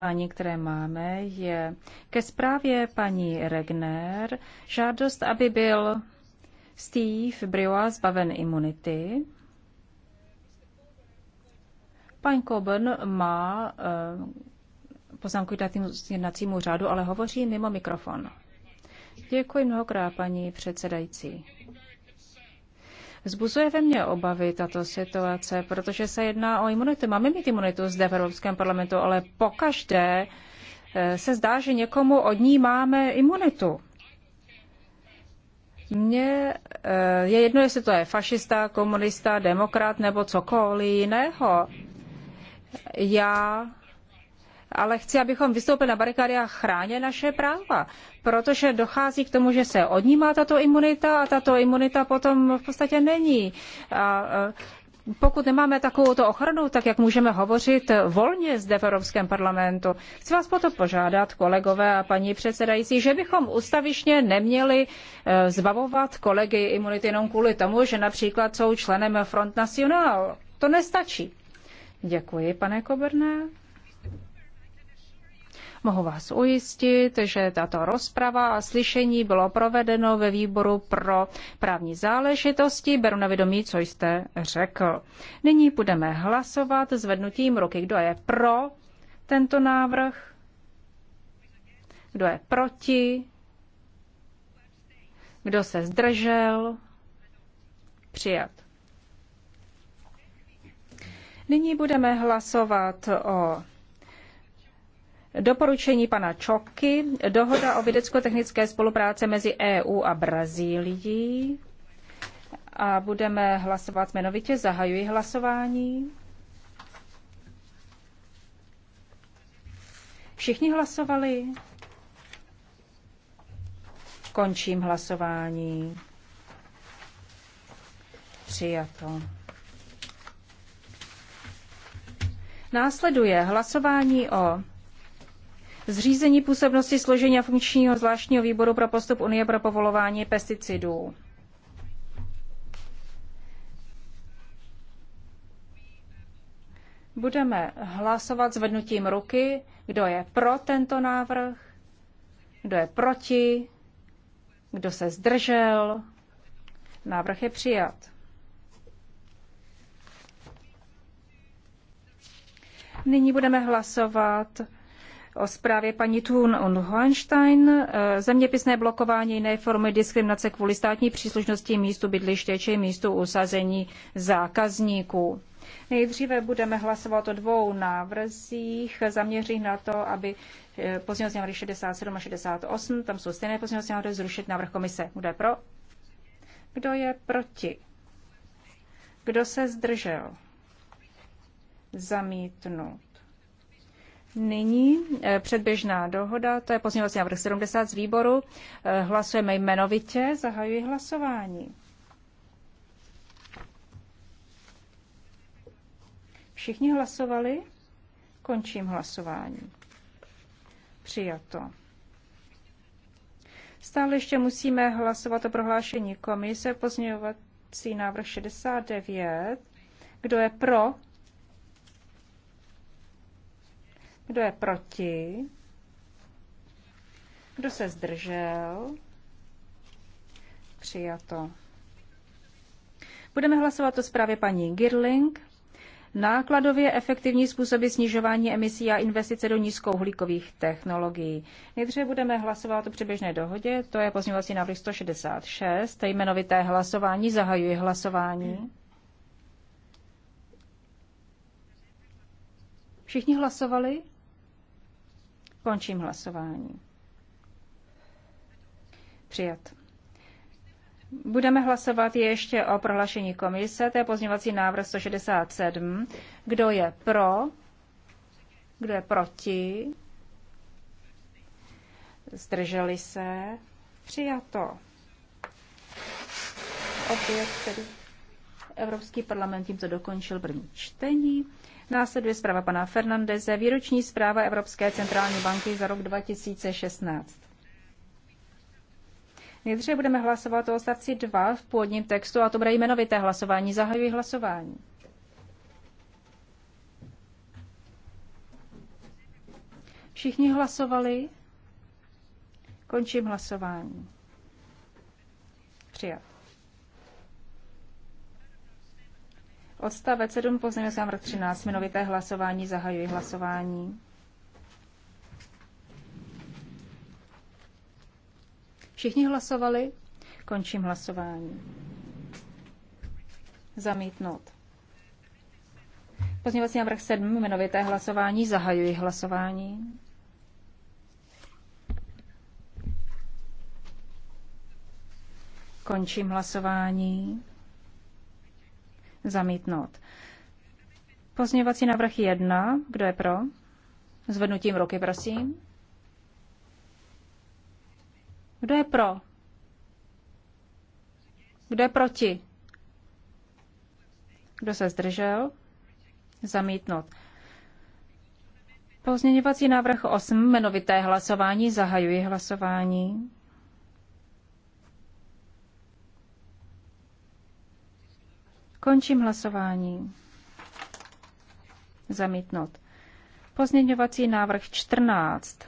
Ani, které máme, je ke zprávě paní Regner žádost, aby byl Steve Brioa zbaven imunity. Pan Coburn má uh, poznámku k jednacímu řádu, ale hovoří mimo mikrofon. Děkuji mnohokrát, paní předsedající. Zbuzuje ve mně obavy tato situace, protože se jedná o imunitu. Máme mít imunitu zde v Evropském parlamentu, ale pokaždé eh, se zdá, že někomu od ní máme imunitu. Mně eh, je jedno, jestli to je fašista, komunista, demokrat nebo cokoliv jiného. Já ale chci, abychom vystoupili na barikády a chránili naše práva, protože dochází k tomu, že se odnímá tato imunita a tato imunita potom v podstatě není. A e, pokud nemáme takovouto ochranu, tak jak můžeme hovořit volně zde v Evropském parlamentu? Chci vás proto požádat, kolegové a paní předsedající, že bychom ustavičně neměli e, zbavovat kolegy imunity jenom kvůli tomu, že například jsou členem Front National. To nestačí. Děkuji, pane Koberné. Mohu vás ujistit, že tato rozprava a slyšení bylo provedeno ve výboru pro právní záležitosti. Beru na vědomí, co jste řekl. Nyní budeme hlasovat zvednutím ruky. Kdo je pro tento návrh? Kdo je proti? Kdo se zdržel? Přijat. Nyní budeme hlasovat o Doporučení pana Čoky, dohoda o vědecko-technické spolupráce mezi EU a Brazílií. A budeme hlasovat jmenovitě. Zahajuji hlasování. Všichni hlasovali? Končím hlasování. Přijato. Následuje hlasování o Zřízení působnosti složení a funkčního zvláštního výboru pro postup Unie pro povolování pesticidů. Budeme hlasovat zvednutím ruky, kdo je pro tento návrh, kdo je proti, kdo se zdržel. Návrh je přijat. Nyní budeme hlasovat o zprávě paní Thun und Hohenstein, e, zeměpisné blokování jiné formy diskriminace kvůli státní příslušnosti místu bydliště či místu usazení zákazníků. Nejdříve budeme hlasovat o dvou návrzích zaměřených na to, aby e, pozměňovací návrhy 67 a 68, tam jsou stejné pozměňovací návrhy, zrušit návrh komise. Kdo je pro? Kdo je proti? Kdo se zdržel? Zamítnout. Nyní eh, předběžná dohoda, to je pozměňovací návrh 70 z výboru. Eh, hlasujeme jmenovitě, zahajuji hlasování. Všichni hlasovali? Končím hlasování. Přijato. Stále ještě musíme hlasovat o prohlášení komise pozměňovací návrh 69. Kdo je pro Kdo je proti? Kdo se zdržel? Přijato. Budeme hlasovat o zprávě paní Girling. Nákladově efektivní způsoby snižování emisí a investice do nízkouhlíkových technologií. Nejdříve budeme hlasovat o předběžné dohodě, to je pozměňovací návrh 166, jmenovité hlasování, zahajuji hlasování. Všichni hlasovali? Končím hlasování. Přijat. Budeme hlasovat ještě o prohlášení komise, to je pozměňovací návrh 167. Kdo je pro? Kdo je proti? Zdrželi se? Přijato. Opět tedy Evropský parlament tímto dokončil první čtení. Následuje zpráva pana Fernandeze, výroční zpráva Evropské centrální banky za rok 2016. Nejdříve budeme hlasovat o odstavci 2 v původním textu a to bude jmenovité hlasování. Zahajuji hlasování. Všichni hlasovali? Končím hlasování. Přijat. Odstavec 7, pozměňovací návrh 13, Minovité hlasování, zahajuji hlasování. Všichni hlasovali? Končím hlasování. Zamítnout. Pozměňovací návrh 7, Minovité hlasování, zahajuji hlasování. Končím hlasování. Zamítnout. Pozměňovací návrh 1. Kdo je pro? Zvednutím ruky, prosím. Kdo je pro? Kdo je proti? Kdo se zdržel? Zamítnout. Pozměňovací návrh 8. Jmenovité hlasování. Zahajuji hlasování. Končím hlasování. Zamítnout. Pozměňovací návrh 14.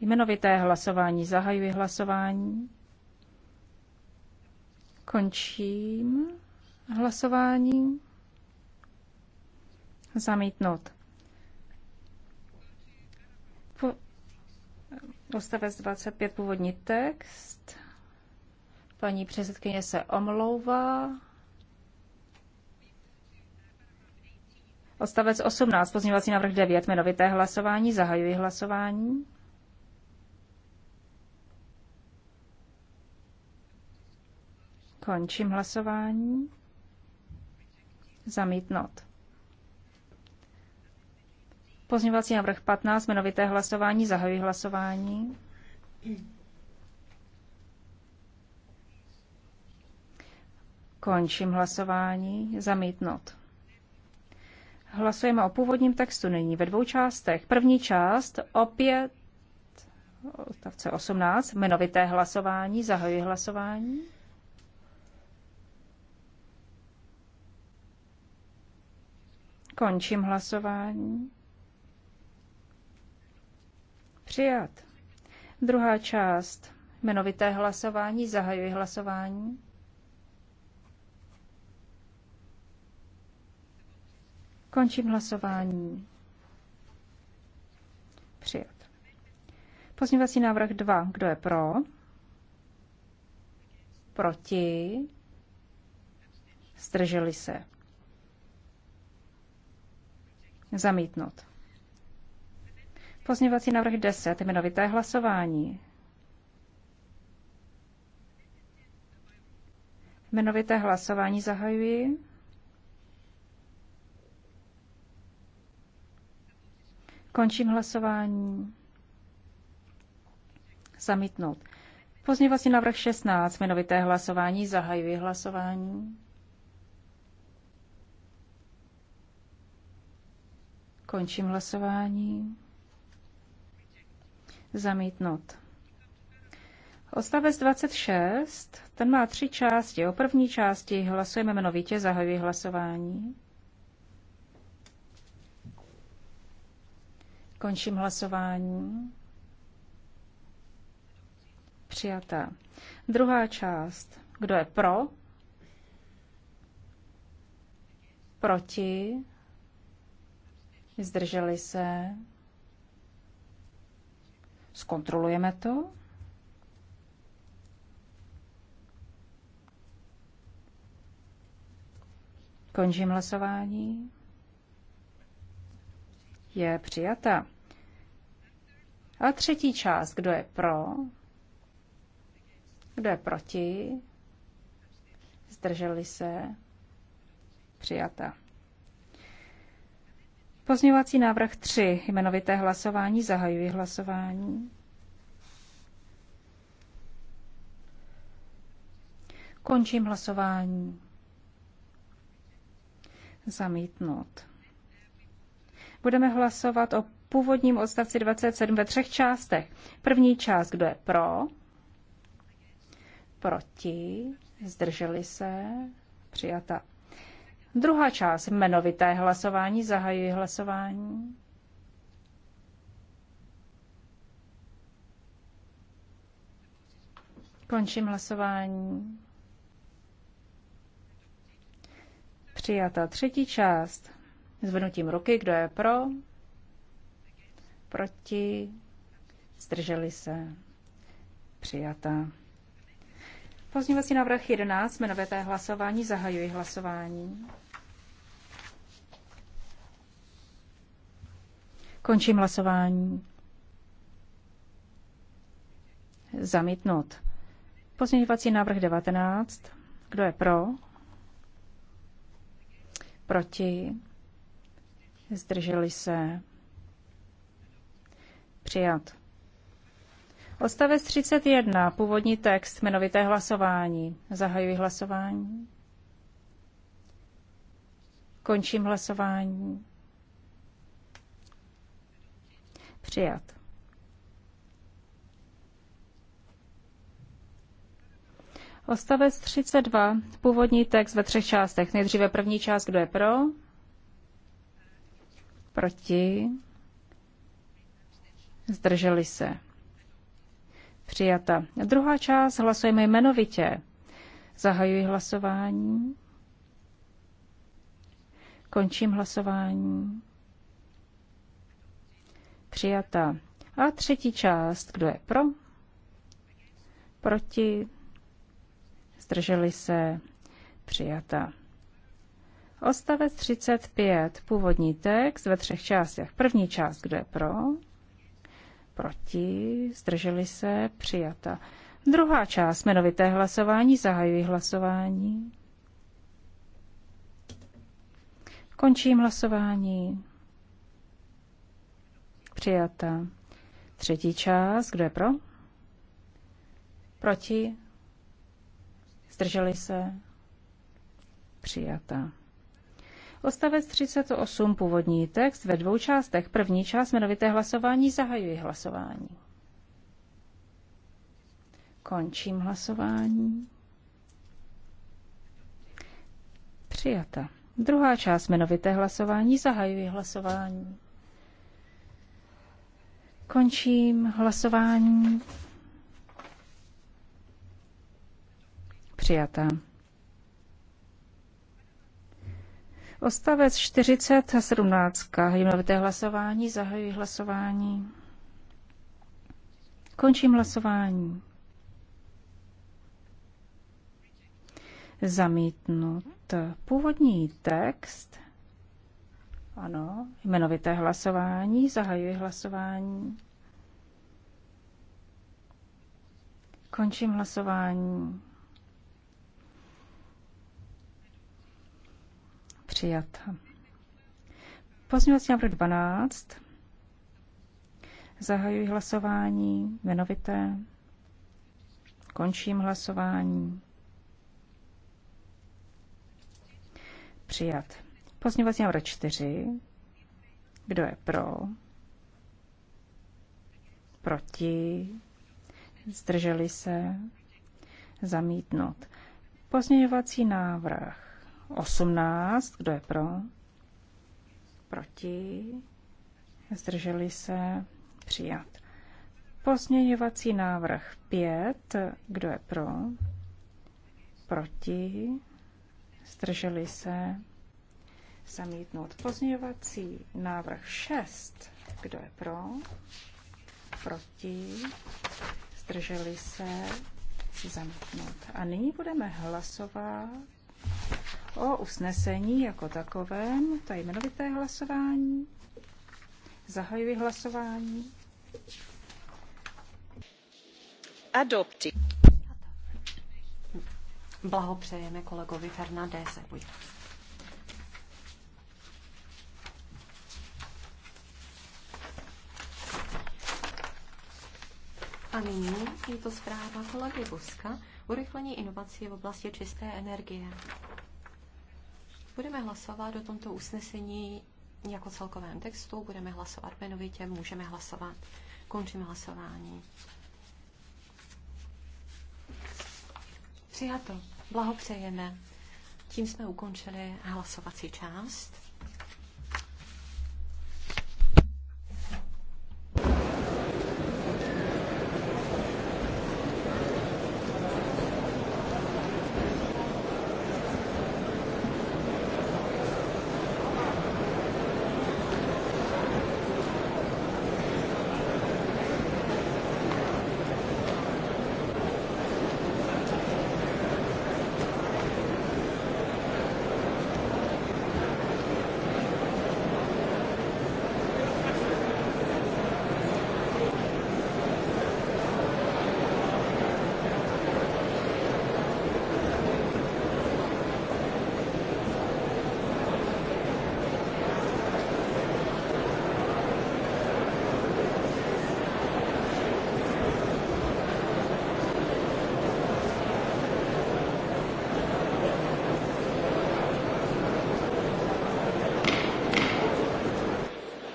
Jmenovité hlasování. Zahajuji hlasování. Končím hlasování. Zamítnout. Postavec 25 původní text. Paní předsedkyně se omlouvá. Odstavec 18, pozměňovací návrh 9, jmenovité hlasování, zahajuji hlasování. Končím hlasování. Zamítnout. Pozměňovací návrh 15, jmenovité hlasování, zahajuji hlasování. Končím hlasování. Zamítnout. Hlasujeme o původním textu nyní ve dvou částech. První část opět odstavce 18, jmenovité hlasování, zahajuji hlasování. Končím hlasování. Přijat. Druhá část. Jmenovité hlasování. Zahajuji hlasování. Končím hlasování. Přijat. Pozměňovací návrh 2. Kdo je pro? Proti? Zdrželi se. Zamítnout. Pozměňovací návrh 10. Jmenovité hlasování. Jmenovité hlasování zahajuji. Končím hlasování. Zamítnout. Pozměňovací návrh 16, jmenovité hlasování, zahajuji hlasování. Končím hlasování. Zamítnout. Odstavec 26, ten má tři části. O první části hlasujeme jmenovitě, zahajuji hlasování. Končím hlasování. Přijatá. Druhá část. Kdo je pro? Proti? Zdrželi se? Zkontrolujeme to? Končím hlasování je přijata. A třetí část, kdo je pro, kdo je proti, zdrželi se, přijata. Pozměňovací návrh 3, jmenovité hlasování, zahajuji hlasování. Končím hlasování. Zamítnout. Budeme hlasovat o původním odstavci 27 ve třech částech. První část, kdo je pro, proti, zdrželi se, přijata. Druhá část, jmenovité hlasování, zahajuji hlasování. Končím hlasování. Přijata třetí část. Zvednutím ruky, kdo je pro? Proti? Zdrželi se? Přijata. Pozměňovací návrh 11, jmenovité hlasování, zahajuji hlasování. Končím hlasování. Zamítnut. Pozměňovací návrh 19. Kdo je pro? Proti? Zdrželi se. Přijat. Odstavec 31. Původní text. Jmenovité hlasování. Zahajuji hlasování. Končím hlasování. Přijat. Ostavec 32. Původní text ve třech částech. Nejdříve první část, kdo je pro, Proti? Zdrželi se. Přijata. Druhá část hlasujeme jmenovitě. Zahajuji hlasování. Končím hlasování. Přijata. A třetí část. Kdo je pro? Proti? Zdrželi se. Přijata. Ostavec 35, původní text ve třech částech. První část, kdo je pro, proti, zdrželi se, přijata. Druhá část, jmenovité hlasování, zahajují hlasování. Končím hlasování. Přijata. Třetí část, kdo je pro? Proti? Zdrželi se? Přijata. Odstavec 38, původní text ve dvou částech. První část jmenovité hlasování zahajuji hlasování. Končím hlasování. Přijata. Druhá část jmenovité hlasování zahajuji hlasování. Končím hlasování. Přijata. Ostavec 40 a 17. Jmenovité hlasování. Zahajuji hlasování. Končím hlasování. Zamítnut původní text. Ano, jmenovité hlasování. Zahajuji hlasování. Končím hlasování. Přijat. Pozměňovací návrh 12. Zahajuji hlasování jmenovité. Končím hlasování. Přijat. Pozměňovací návrh 4. Kdo je pro? Proti? Zdrželi se? Zamítnout. Pozměňovací návrh 18. Kdo je pro? Proti? Zdrželi se? Přijat. Pozměňovací návrh 5. Kdo je pro? Proti? Zdrželi se? Zamítnout. Pozměňovací návrh 6. Kdo je pro? Proti? Zdrželi se? Zamítnout. A nyní budeme hlasovat o usnesení jako takovém, to je jmenovité hlasování. Zahajuji hlasování. Adopti. Blahopřejeme kolegovi Fernandéze. A nyní je to zpráva kolegy Buska, urychlení inovací v oblasti čisté energie budeme hlasovat o tomto usnesení jako celkovém textu, budeme hlasovat jmenovitě, můžeme hlasovat. Končím hlasování. Přijato. Blahopřejeme. Tím jsme ukončili hlasovací část.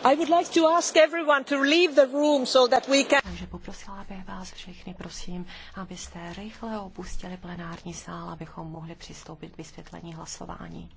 I would like to ask everyone to leave the room so that we can... Takže poprosila bych vás všechny, prosím, abyste rychle opustili plenární sál, abychom mohli přistoupit k vysvětlení hlasování.